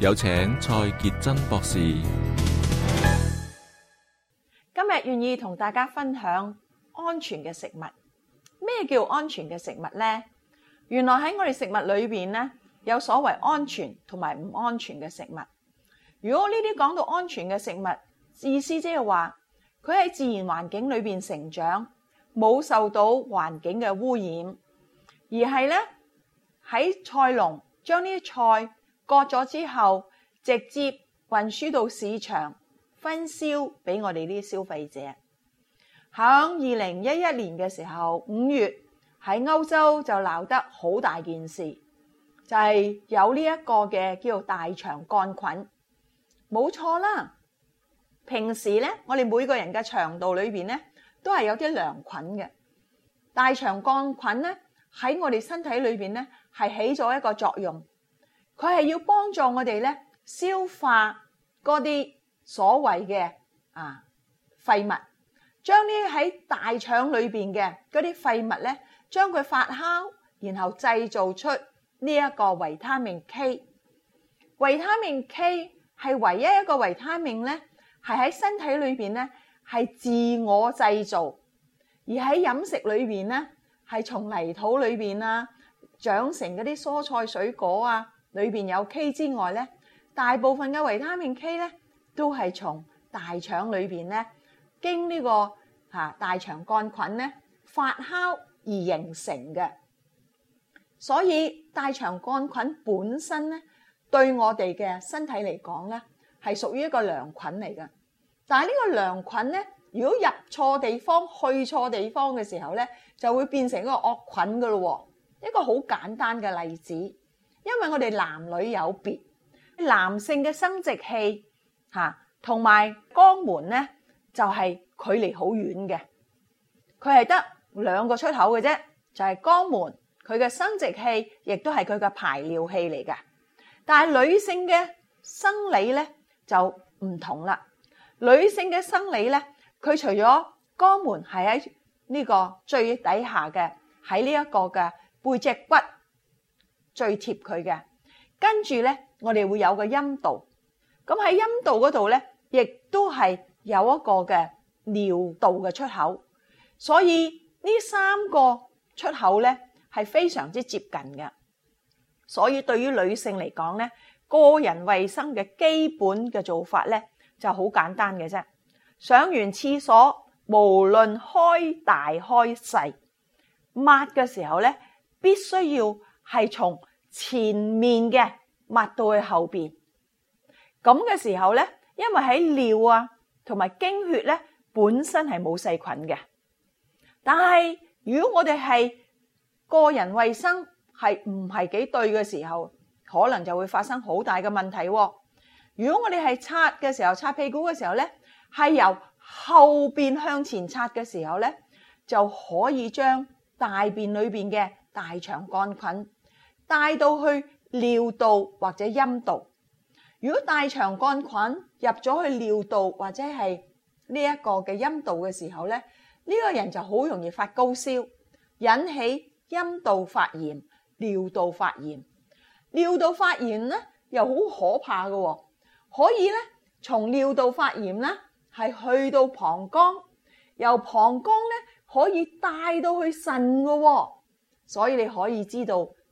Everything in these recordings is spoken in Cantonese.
有請蔡潔珍博士。今日願意同大家分享安全嘅食物。咩叫安全嘅食物呢？原來喺我哋食物裏邊呢，有所謂安全同埋唔安全嘅食物。如果呢啲講到安全嘅食物，意思即係話佢喺自然環境裏邊成長，冇受到環境嘅污染，而係呢，喺菜農將呢啲菜。割咗之後，直接運輸到市場分銷俾我哋啲消費者。喺二零一一年嘅時候，五月喺歐洲就鬧得好大件事，就係、是、有呢一個嘅叫做大腸桿菌，冇錯啦。平時呢，我哋每個人嘅腸道裏邊呢，都係有啲良菌嘅。大腸桿菌呢，喺我哋身體裏邊呢，係起咗一個作用。佢係要幫助我哋咧消化嗰啲所謂嘅啊廢物，將呢喺大腸裏邊嘅嗰啲廢物咧，將佢發酵，然後製造出呢一個維他命 K。維他命 K 係唯一一個維他命咧，係喺身體裏邊咧，係自我製造，而喺飲食裏邊咧，係從泥土裏邊啊，長成嗰啲蔬菜水果啊，裏面有 K 之外咧，大部分嘅維他命 K 咧都係從大腸裏面咧，經呢個大腸桿菌咧發酵而形成嘅。所以大腸桿菌本身咧，對我哋嘅身體嚟講咧，係屬於一個良菌嚟嘅。但係呢個良菌咧，如果入錯地方、去錯地方嘅時候咧，就會變成一個惡菌噶咯。一個好簡單嘅例子。因為我哋男女有別，男性嘅生殖器嚇同埋肛門咧，就係距離好遠嘅，佢係得兩個出口嘅啫，就係肛門。佢嘅生殖器亦都係佢嘅排尿器嚟嘅。但係女性嘅生理咧就唔同啦。女性嘅生理咧，佢除咗肛門係喺呢個最底下嘅，喺呢一個嘅背脊骨。最貼佢嘅，跟住呢，我哋會有個陰道，咁喺陰道嗰度呢，亦都係有一個嘅尿道嘅出口，所以呢三個出口呢係非常之接近嘅。所以對於女性嚟講呢，個人衛生嘅基本嘅做法呢就好簡單嘅啫。上完廁所，無論開大開細，抹嘅時候呢，必須要。係從前面嘅抹到去後邊，咁嘅時候呢，因為喺尿啊同埋經血呢本身係冇細菌嘅，但係如果我哋係個人衛生係唔係幾對嘅時候，可能就會發生好大嘅問題。如果我哋係擦嘅時候，擦屁股嘅時候呢，係由後邊向前擦嘅時候呢，就可以將大便裏邊嘅大腸杆菌。帶到去尿道或者陰道，如果大腸桿菌入咗去尿道或者係呢一個嘅陰道嘅時候呢呢個人就好容易發高燒，引起陰道發炎、尿道發炎。尿道發炎呢又好可怕嘅，可以呢，從尿道發炎呢係去到膀胱，由膀胱呢可以帶到去腎嘅，所以你可以知道。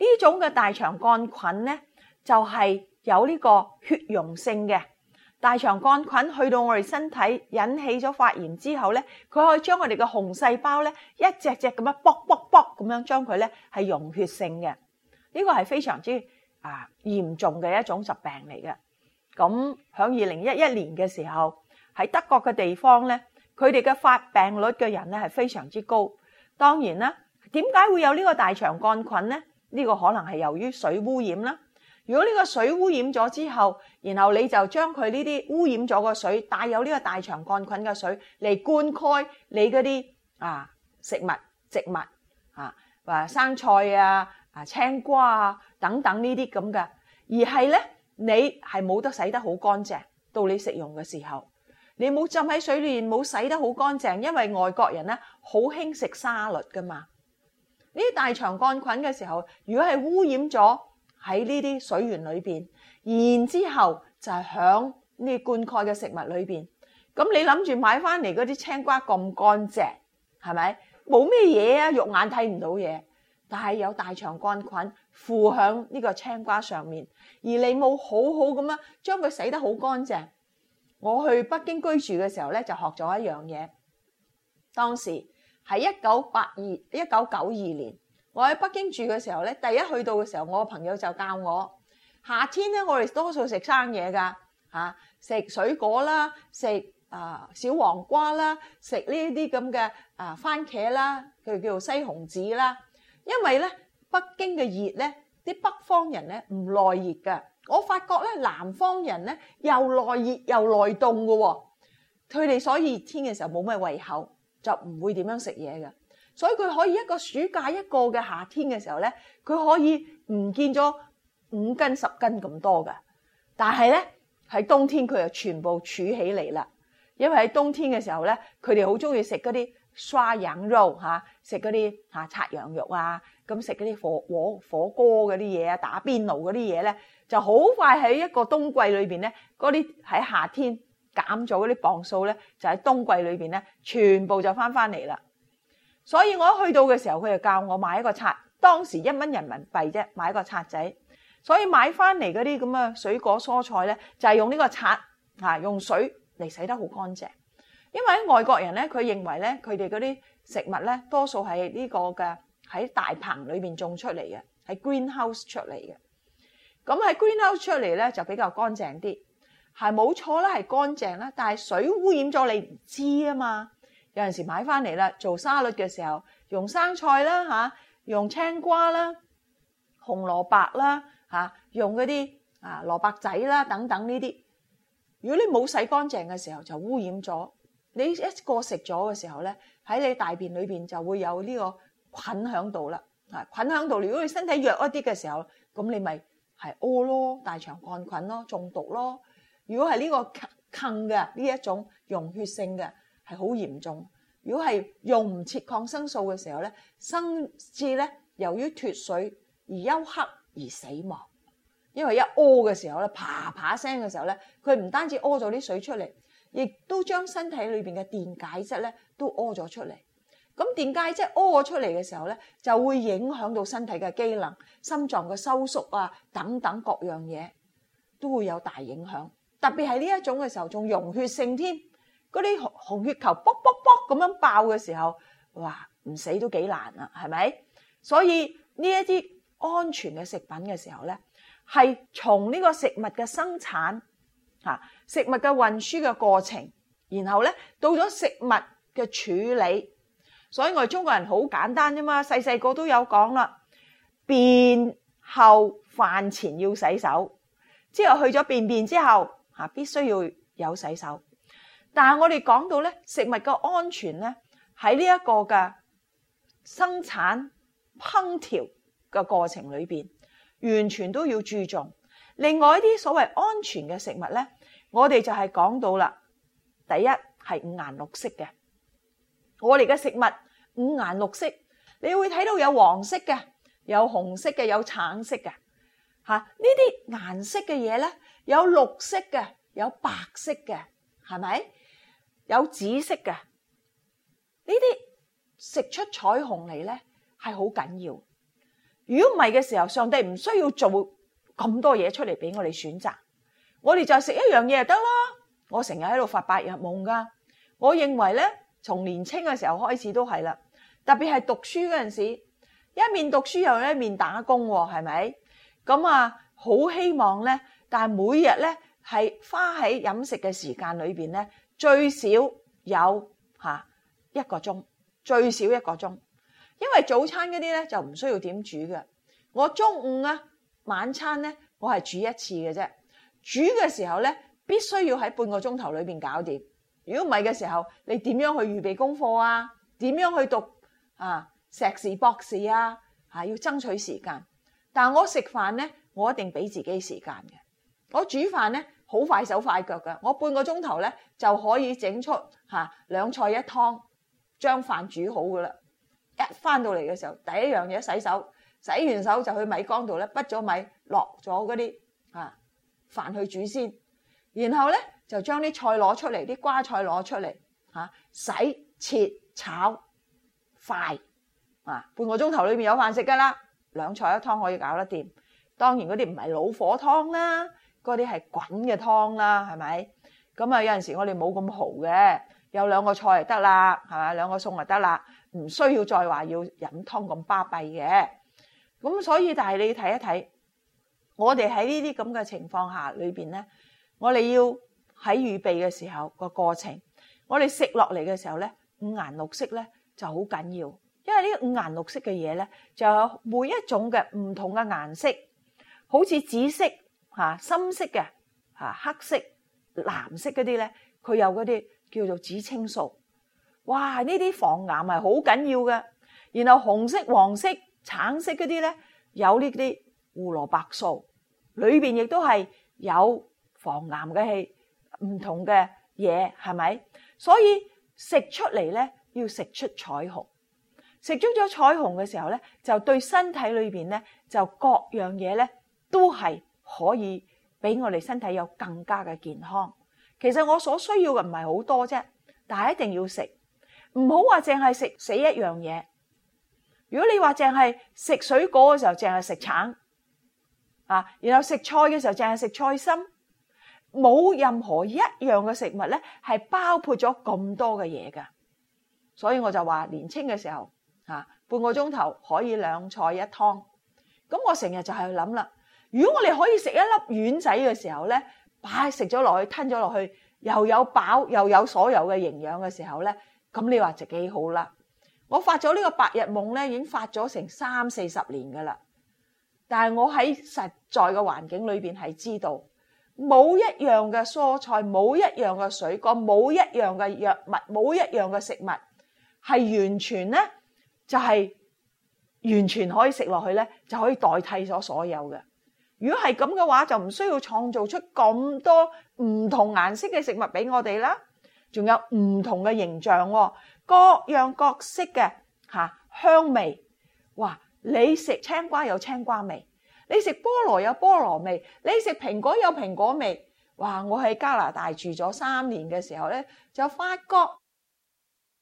呢種嘅大腸桿菌咧，就係有呢個血溶性嘅大腸桿菌去到我哋身體引起咗發炎之後咧，佢可以將我哋嘅紅細胞咧一隻隻咁樣卜卜卜咁樣將佢咧係溶血性嘅，呢個係非常之啊嚴重嘅一種疾病嚟嘅。咁喺二零一一年嘅時候喺德國嘅地方咧，佢哋嘅發病率嘅人咧係非常之高。當然啦，點解會有呢個大腸桿菌咧？呢個可能係由於水污染啦。如果呢個水污染咗之後，然後你就將佢呢啲污染咗個水，帶有呢個大腸桿菌嘅水嚟灌溉你嗰啲啊食物、植物啊，話生菜啊、啊青瓜啊等等呢啲咁嘅，而係呢你係冇得洗得好乾淨，到你食用嘅時候，你冇浸喺水裏面，冇洗得好乾淨，因為外國人呢好興食沙律噶嘛。呢啲大腸桿菌嘅時候，如果係污染咗喺呢啲水源裏邊，然之後就係響呢灌溉嘅食物裏邊。咁你諗住買翻嚟嗰啲青瓜咁乾淨，係咪冇咩嘢啊？肉眼睇唔到嘢，但係有大腸桿菌附響呢個青瓜上面，而你冇好好咁樣將佢洗得好乾淨。我去北京居住嘅時候咧，就學咗一樣嘢，當時。喺一九八二一九九二年，我喺北京住嘅時候咧，第一去到嘅時候，我個朋友就教我夏天咧，我哋多數食生嘢噶嚇，食水果啦，食啊小黃瓜啦，食呢啲咁嘅啊番茄啦，佢叫做西紅柿啦。因為咧北京嘅熱咧，啲北方人咧唔耐熱嘅，我發覺咧南方人咧又耐熱又耐凍嘅喎，佢哋所以熱天嘅時候冇咩胃口。就唔會點樣食嘢嘅，所以佢可以一個暑假一個嘅夏天嘅時候咧，佢可以唔見咗五斤十斤咁多㗎。但係咧喺冬天佢就全部儲起嚟啦，因為喺冬天嘅時候咧，佢哋好中意食嗰啲涮羊肉嚇，食嗰啲嚇涮羊肉啊，咁食嗰啲火火火鍋、火鍋嗰啲嘢啊，打邊爐嗰啲嘢咧，就好快喺一個冬季裏面咧，嗰啲喺夏天。減咗嗰啲磅數咧，就喺冬季裏邊咧，全部就翻翻嚟啦。所以我一去到嘅時候，佢就教我買一個刷，當時一蚊人民幣啫，買一個刷仔。所以買翻嚟嗰啲咁嘅水果蔬菜咧，就係用呢個刷啊用水嚟洗得好乾淨。因為喺外國人咧，佢認為咧，佢哋嗰啲食物咧，多數係呢個嘅喺大棚裏邊種出嚟嘅，喺 greenhouse 出嚟嘅。咁喺 greenhouse 出嚟咧，就比較乾淨啲。係冇錯啦，係乾淨啦，但係水污染咗你唔知啊嘛。有陣時買翻嚟啦，做沙律嘅時候用生菜啦，吓用青瓜啦、紅蘿蔔啦，吓用嗰啲啊蘿蔔仔啦等等呢啲。如果你冇洗乾淨嘅時候，就污染咗你一個食咗嘅時候咧，喺你大便裏邊就會有呢個菌響度啦。吓菌響度，如果你身體弱一啲嘅時候，咁你咪係屙咯，大腸桿菌咯，中毒咯。如果係呢個冚嘅呢一種溶血性嘅係好嚴重。如果係用唔切抗生素嘅時候咧，甚至咧由於脱水而休克而死亡。因為一屙嘅時候咧，啪啪聲嘅時候咧，佢唔單止屙咗啲水出嚟，亦都將身體裏邊嘅電解質咧都屙咗出嚟。咁電解質屙咗出嚟嘅時候咧，就會影響到身體嘅機能、心臟嘅收縮啊等等各樣嘢，都會有大影響。特別係呢一種嘅時候，仲溶血性添，嗰啲紅血球卜卜卜咁樣爆嘅時候，哇！唔死都幾難啦，係咪？所以呢一啲安全嘅食品嘅時候咧，係從呢個食物嘅生產嚇，食物嘅運輸嘅過程，然後咧到咗食物嘅處理，所以我哋中國人好簡單啫嘛，細細個都有講啦，便後飯前要洗手，之後去咗便便之後。啊，必須要有洗手。但係我哋講到咧，食物嘅安全咧，喺呢一個嘅生產烹調嘅過程裏面，完全都要注重。另外一啲所謂安全嘅食物咧，我哋就係講到啦。第一係五顏六色嘅，我哋嘅食物五顏六色，你會睇到有黃色嘅，有紅色嘅，有橙色嘅。嚇，呢啲顏色嘅嘢咧。有綠色嘅，有白色嘅，係咪有紫色嘅？呢啲食出彩虹嚟，咧，係好緊要。如果唔係嘅時候，上帝唔需要做咁多嘢出嚟俾我哋選擇，我哋就食一樣嘢就得啦。我成日喺度發白日夢噶，我認為咧，從年青嘅時候開始都係啦，特別係讀書嗰陣時，一面讀書又一面打工，係咪咁啊？好希望咧。但係每日咧係花喺飲食嘅時間裏邊咧，最少有吓，一個鐘，最少一個鐘。因為早餐嗰啲咧就唔需要點煮嘅。我中午啊、晚餐咧，我係煮一次嘅啫。煮嘅時候咧必須要喺半個鐘頭裏邊搞掂。如果唔係嘅時候，你點樣去預備功課啊？點樣去讀啊？碩士博士啊，啊要爭取時間。但係我食飯咧，我一定俾自己時間嘅。我煮飯咧好快手快腳㗎，我半個鐘頭咧就可以整出嚇兩菜一湯，將飯煮好㗎啦。一返到嚟嘅時候，第一樣嘢洗手，洗完手就去米缸度咧，畢咗米落咗嗰啲嚇飯去煮先，然後咧就將啲菜攞出嚟，啲瓜菜攞出嚟洗切炒，炒快啊！半個鐘頭裏面有飯食㗎啦，兩菜一湯可以搞得掂。當然嗰啲唔係老火湯啦。嗰啲係滾嘅湯啦，係咪咁啊？有陣時我哋冇咁豪嘅，有兩個菜就得啦，係咪？兩個餸就得啦，唔需要再話要飲湯咁巴閉嘅。咁所以，但係你睇一睇我哋喺呢啲咁嘅情況下裏邊咧，我哋要喺預備嘅時候個過程，我哋食落嚟嘅時候咧，五顏六色咧就好緊要，因為呢個五顏六色嘅嘢咧就有每一種嘅唔同嘅顏色，好似紫色。嚇，深色嘅嚇，黑色、藍色嗰啲咧，佢有嗰啲叫做紫青素，哇！呢啲防癌係好緊要嘅。然後紅色、黃色、橙色嗰啲咧，有呢啲胡蘿蔔素，裏邊亦都係有防癌嘅氣，唔同嘅嘢係咪？所以食出嚟咧，要食出彩虹。食足咗彩虹嘅時候咧，就對身體裏邊咧，就各樣嘢咧都係。可以俾我哋身體有更加嘅健康。其實我所需要嘅唔係好多啫，但係一定要食。唔好話淨係食死一樣嘢。如果你話淨係食水果嘅時候，淨係食橙啊，然後食菜嘅時候，淨係食菜心，冇任何一樣嘅食物咧，係包括咗咁多嘅嘢㗎。所以我就話年輕嘅時候啊，半個鐘頭可以兩菜一湯。咁我成日就係去諗啦。如果我哋可以食一粒丸仔嘅時候咧，擺食咗落去吞咗落去，又有飽又有所有嘅營養嘅時候咧，咁你話就幾好啦。我發咗呢個白日夢咧，已經發咗成三四十年噶啦。但係我喺實在嘅環境裏邊係知道，冇一樣嘅蔬菜，冇一樣嘅水果，冇一樣嘅藥物，冇一樣嘅食物係完全咧就係完全可以食落去咧，就可以代替咗所有嘅。如果係咁嘅話，就唔需要創造出咁多唔同顏色嘅食物俾我哋啦，仲有唔同嘅形象，各樣各色嘅吓，香味，哇！你食青瓜有青瓜味，你食菠蘿有菠蘿味，你食蘋果有蘋果味，哇！我喺加拿大住咗三年嘅時候咧，就發覺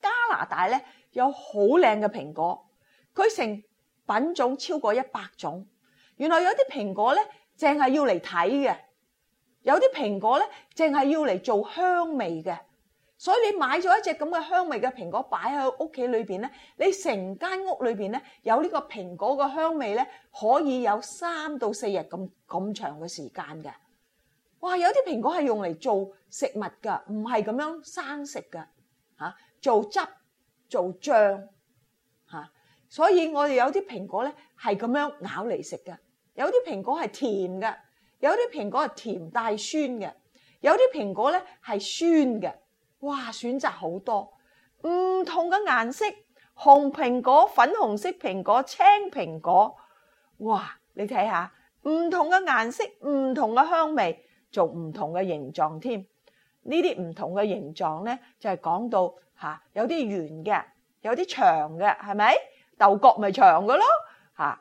加拿大咧有好靚嘅蘋果，佢成品種超過一百種。原來有啲蘋果咧，淨係要嚟睇嘅；有啲蘋果咧，淨係要嚟做香味嘅。所以你買咗一隻咁嘅香味嘅蘋果擺喺屋企裏邊咧，你成間屋裏邊咧有呢個蘋果嘅香味咧，可以有三到四日咁咁長嘅時間嘅。哇！有啲蘋果係用嚟做食物噶，唔係咁樣生食㗎嚇，做汁、做醬嚇。所以我哋有啲蘋果咧係咁樣咬嚟食㗎。有啲蘋果係甜嘅，有啲蘋果係甜帶酸嘅，有啲蘋果咧係酸嘅。哇，選擇好多，唔同嘅顏色，紅蘋果、粉紅色蘋果、青蘋果。哇，你睇下，唔同嘅顏色，唔同嘅香味，仲唔同嘅形狀添。呢啲唔同嘅形狀咧，就係講到吓，有啲圓嘅，有啲長嘅，係咪？豆角咪長嘅咯，吓。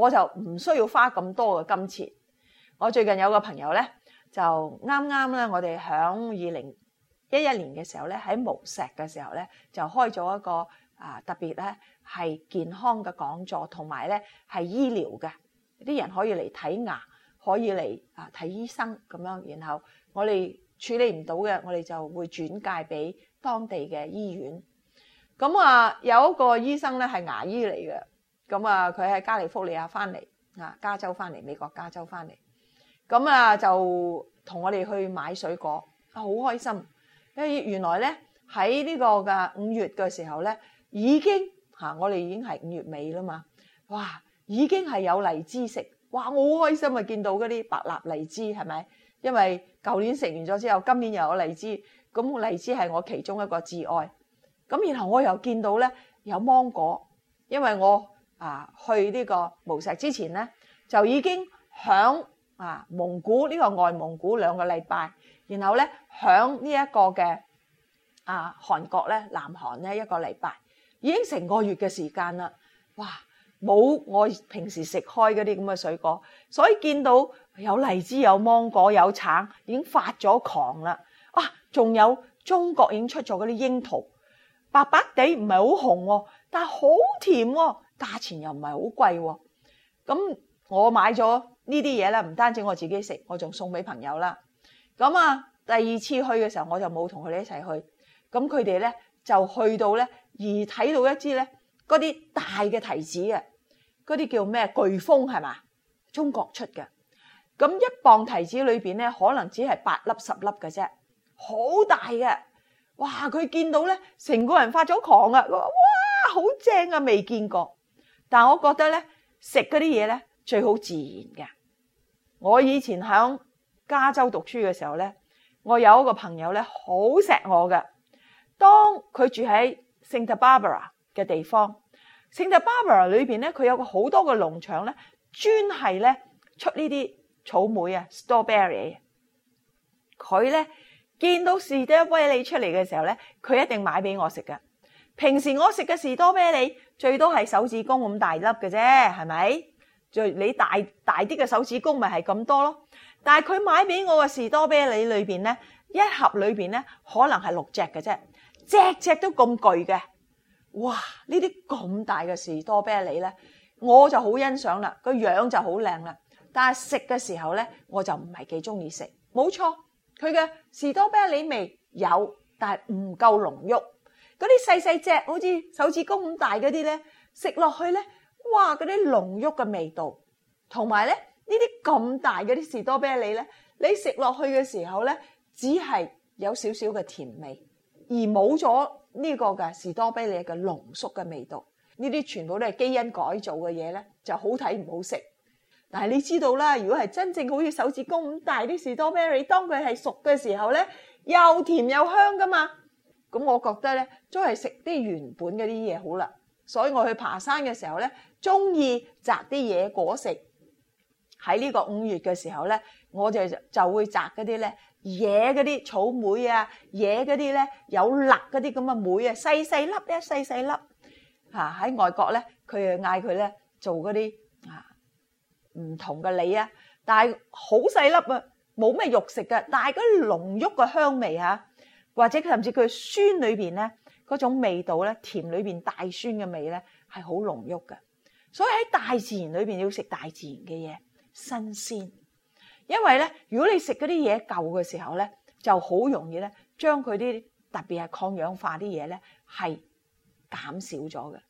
我就唔需要花咁多嘅金錢。我最近有個朋友咧，就啱啱咧，我哋喺二零一一年嘅時候咧，喺無錫嘅時候咧，就開咗一個啊特別咧係健康嘅講座，同埋咧係醫療嘅。啲人可以嚟睇牙，可以嚟啊睇醫生咁樣。然後我哋處理唔到嘅，我哋就會轉介俾當地嘅醫院。咁啊有一個醫生咧係牙醫嚟嘅。咁啊！佢喺加利福尼亞翻嚟啊，加州翻嚟美國加州翻嚟。咁啊，就同我哋去買水果，啊好開心。因為原來咧喺呢個嘅五月嘅時候咧，已經嚇我哋已經係五月尾啦嘛。哇，已經係有荔枝食，哇我好開心啊！見到嗰啲白納荔枝係咪？因為舊年食完咗之後，今年又有荔枝。咁荔枝係我其中一個至愛。咁然後我又見到咧有芒果，因為我。啊，去呢個無錫之前咧，就已經響啊蒙古呢個外蒙古兩個禮拜，然後咧響呢一個嘅啊韓國咧南韓咧一個禮拜，已經成個月嘅時間啦。哇，冇我平時食開嗰啲咁嘅水果，所以見到有荔枝、有芒果、有橙，已經發咗狂啦。哇，仲有中國已經出咗嗰啲櫻桃，白白地唔係好紅，但係好甜喎。價錢又唔係好貴喎，咁我買咗呢啲嘢啦，唔單止我自己食，我仲送俾朋友啦。咁啊，第二次去嘅時候，我就冇同佢哋一齊去。咁佢哋咧就去到咧而睇到一支咧嗰啲大嘅提子啊嗰啲叫咩？巨峰係嘛？中國出嘅咁一磅提子裏面咧，可能只係八粒十粒嘅啫，好大嘅。哇！佢見到咧，成個人發咗狂啊！哇，好正啊，未見過。但我覺得咧，食嗰啲嘢咧最好自然嘅。我以前喺加州讀書嘅時候咧，我有一個朋友咧好錫我㗎。當佢住喺 Santa Barbara 嘅地方，Santa Barbara 裏面咧，佢有個好多個農場咧，專係咧出呢啲草莓啊，士多啤梨。佢咧見到士啲威利出嚟嘅時候咧，佢一定買俾我食㗎。平時我食嘅士多啤梨最多係手指公咁大粒嘅啫，係咪？最你大大啲嘅手指公咪係咁多咯。但係佢買俾我嘅士多啤梨裏邊咧，一盒裏邊咧可能係六隻嘅啫，隻隻都咁巨嘅。哇！呢啲咁大嘅士多啤梨咧，我就好欣賞啦，個樣就好靚啦。但係食嘅時候咧，我就唔係幾中意食。冇錯，佢嘅士多啤梨味有，但係唔夠濃郁。嗰啲細細隻好似手指公咁大嗰啲咧，食落去咧，哇！嗰啲濃郁嘅味道，同埋咧呢啲咁大嗰啲士多啤梨咧，你食落去嘅時候咧，只係有少少嘅甜味，而冇咗呢個嘅士多啤梨嘅濃縮嘅味道。呢啲全部都係基因改造嘅嘢咧，就好睇唔好食。但係你知道啦，如果係真正好似手指公咁大啲士多啤梨，當佢係熟嘅時候咧，又甜又香㗎嘛。咁我覺得咧，都係食啲原本嗰啲嘢好啦。所以我去爬山嘅時候咧，中意摘啲野果食。喺呢個五月嘅時候咧，我就就會摘嗰啲咧野嗰啲草莓啊，野嗰啲咧有辣嗰啲咁嘅莓啊，細細粒咧，細細粒嚇。喺外國咧，佢就嗌佢咧做嗰啲啊唔同嘅梨啊，但係好細粒啊，冇咩肉食嘅，但係嗰啲濃郁嘅香味嚇。或者甚至佢酸裏邊咧嗰種味道咧，甜裏邊帶酸嘅味咧，係好濃郁嘅。所以喺大自然裏邊要食大自然嘅嘢新鮮，因為咧如果你食嗰啲嘢舊嘅時候咧，就好容易咧將佢啲特別係抗氧化啲嘢咧係減少咗嘅。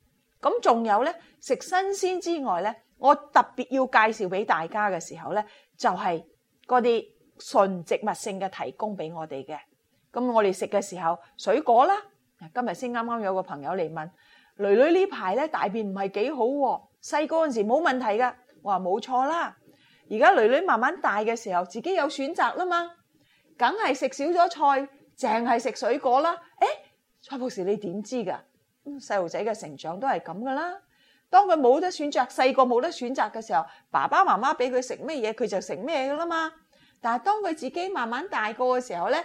咁仲有咧食新鮮之外咧，我特別要介紹俾大家嘅時候咧，就係嗰啲純植物性嘅提供俾我哋嘅。咁我哋食嘅時候水果啦，今日先啱啱有個朋友嚟問，囡囡呢排咧大便唔係幾好喎，細個嗰陣時冇問題噶，我話冇錯啦。而家囡囡慢慢大嘅時候，自己有選擇啦嘛，梗係食少咗菜，淨係食水果啦。誒，蔡博士你點知㗎？細路仔嘅成長都係咁噶啦。當佢冇得選擇，細個冇得選擇嘅時候，爸爸媽媽俾佢食咩嘢，佢就食咩嘢㗎啦嘛。但係當佢自己慢慢大個嘅時候咧。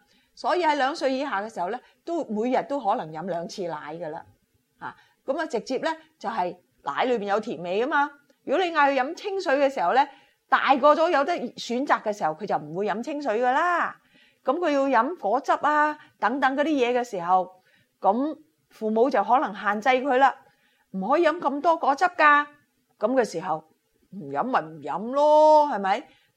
所以喺兩歲以下嘅時候咧，都每日都可能飲兩次奶噶啦，啊咁啊直接咧就係奶裏邊有甜味啊嘛。如果你嗌佢飲清水嘅時候咧，大個咗有得選擇嘅時候，佢就唔會飲清水噶啦。咁佢要飲果汁啊等等嗰啲嘢嘅時候，咁父母就可能限制佢啦，唔可以飲咁多果汁噶。咁嘅時候唔飲咪唔飲咯，係咪？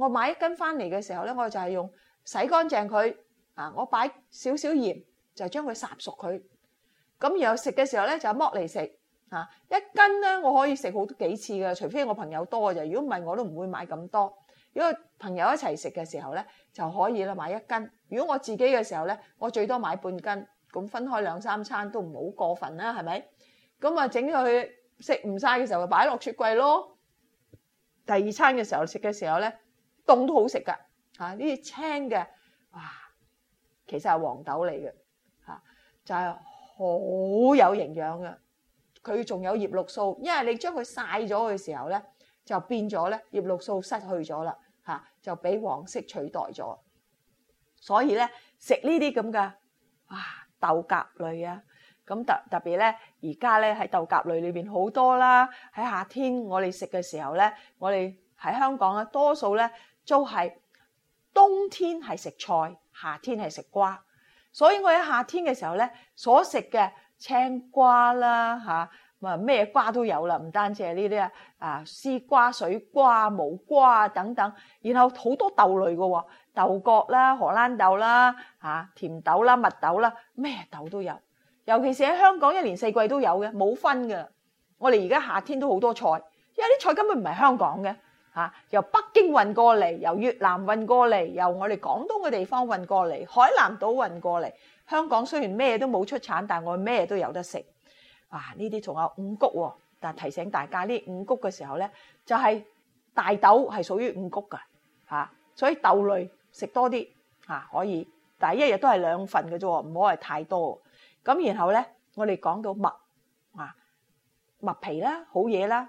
我買一斤翻嚟嘅時候咧，我就係用洗乾淨佢啊，我擺少少鹽就將佢烚熟佢。咁然後食嘅時候咧就剝嚟食啊，一斤咧我可以食好幾次㗎，除非我朋友多嘅就，如果唔係我都唔會買咁多。如果朋友一齊食嘅時候咧就可以啦，買一斤。如果我自己嘅時候咧，我最多買半斤，咁分開兩三餐都唔好過分啦，係咪？咁啊整佢食唔晒嘅時候就擺落雪櫃咯。第二餐嘅時候食嘅時候咧。凍都好食噶，啊呢啲青嘅，啊，其實係黃豆嚟嘅，吓就係好有營養嘅，佢仲有葉綠素，因為你將佢曬咗嘅時候咧，就變咗咧葉綠素失去咗啦，吓就俾黃色取代咗，所以咧食呢啲咁嘅，啊豆莢類啊，咁特特別咧而家咧喺豆莢類裏邊好多啦，喺夏天我哋食嘅時候咧，我哋喺香港啊多數咧。就係冬天係食菜，夏天係食瓜，所以我喺夏天嘅時候咧，所食嘅青瓜啦嚇，啊咩瓜都有啦，唔單止係呢啲啊，啊絲瓜、水瓜、毛瓜等等，然後好多豆類嘅喎、哦，豆角啦、荷蘭豆啦、嚇、甜豆啦、蜜豆啦，咩豆都有，尤其是喺香港一年四季都有嘅，冇分嘅。我哋而家夏天都好多菜，因為啲菜根本唔係香港嘅。嚇！由北京運過嚟，由越南運過嚟，由我哋廣東嘅地方運過嚟，海南島運過嚟。香港雖然咩都冇出產，但係我咩都有得食。啊！呢啲仲有五穀喎，但係提醒大家呢五穀嘅時候咧，就係大豆係屬於五穀㗎嚇，所以豆類食多啲嚇可以，但係一日都係兩份嘅啫，唔好係太多。咁然後咧，我哋講到麥啊，麥皮啦，好嘢啦。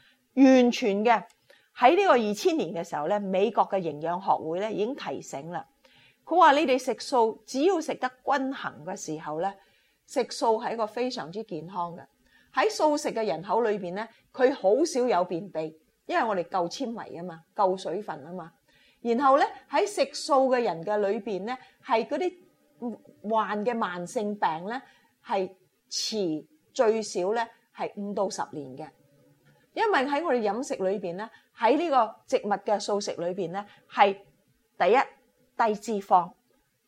完全嘅喺呢個二千年嘅時候咧，美國嘅營養學會咧已經提醒啦。佢話你哋食素只要食得均衡嘅時候咧，食素係一個非常之健康嘅。喺素食嘅人口裏邊咧，佢好少有便秘，因為我哋夠纖維啊嘛，夠水分啊嘛。然後咧喺食素嘅人嘅裏邊咧，係嗰啲患嘅慢性病咧係遲最少咧係五到十年嘅。因為喺我哋飲食裏邊咧，喺呢個植物嘅素食裏邊咧，係第一低脂肪，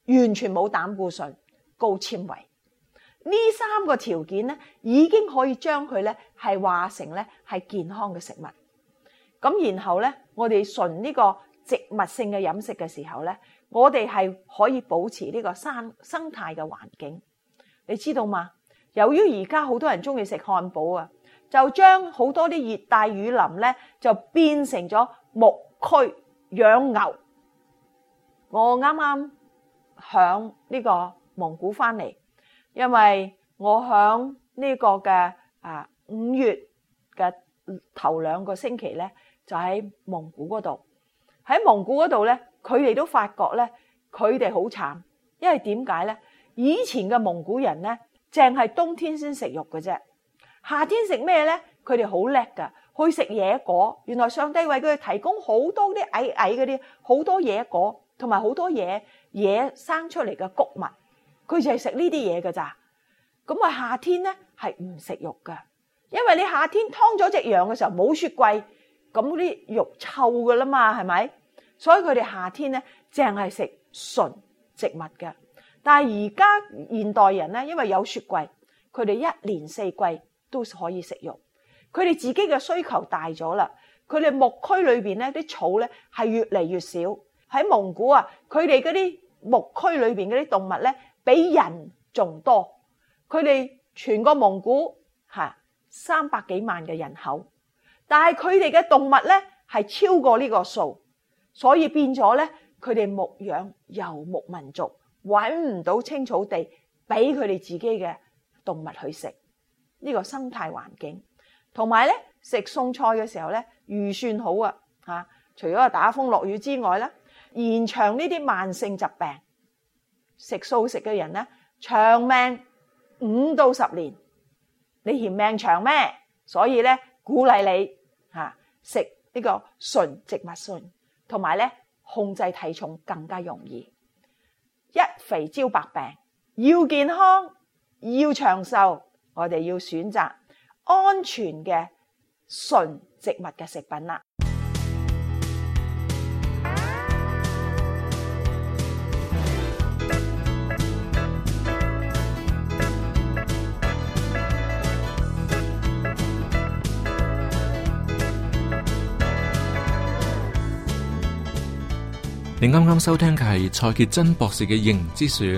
完全冇膽固醇，高纖維。呢三個條件咧，已經可以將佢咧係話成咧係健康嘅食物。咁然後咧，我哋純呢個植物性嘅飲食嘅時候咧，我哋係可以保持呢個生生態嘅環境。你知道嗎？由於而家好多人鍾意食漢堡啊！就將好多啲熱帶雨林咧，就變成咗牧區養牛。我啱啱響呢個蒙古翻嚟，因為我響呢個嘅啊五月嘅頭兩個星期咧，就喺蒙古嗰度。喺蒙古嗰度咧，佢哋都發覺咧，佢哋好慘，因為點解咧？以前嘅蒙古人咧，淨係冬天先食肉嘅啫。夏天食咩咧？佢哋好叻噶，去食野果。原來上帝為佢哋提供好多啲矮矮嗰啲好多野果，同埋好多嘢野生出嚟嘅穀物，佢就係食呢啲嘢㗎咋。咁啊，夏天咧係唔食肉㗎，因為你夏天劏咗隻羊嘅時候冇雪櫃，咁嗰啲肉臭㗎啦嘛，係咪？所以佢哋夏天咧淨係食純植物嘅。但係而家現代人咧，因為有雪櫃，佢哋一年四季。都可以食用。佢哋自己嘅需求大咗啦。佢哋牧區裏邊呢啲草呢係越嚟越少。喺蒙古啊，佢哋嗰啲牧區裏邊嗰啲動物呢，比人仲多。佢哋全個蒙古吓三百幾萬嘅人口，但係佢哋嘅動物呢，係超過呢個數，所以變咗呢，佢哋牧養游牧民族搵唔到青草地俾佢哋自己嘅動物去食。呢個生態環境，同埋咧食餸菜嘅時候咧預算好啊！除咗打風落雨之外咧，延長呢啲慢性疾病食素食嘅人咧長命五到十年，你嫌命長咩？所以咧鼓勵你食呢、啊、個純植物素，同埋咧控制體重更加容易。一肥招百病，要健康要長壽。我哋要選擇安全嘅純植物嘅食品啦！你啱啱收聽嘅係蔡潔真博士嘅《營之選》。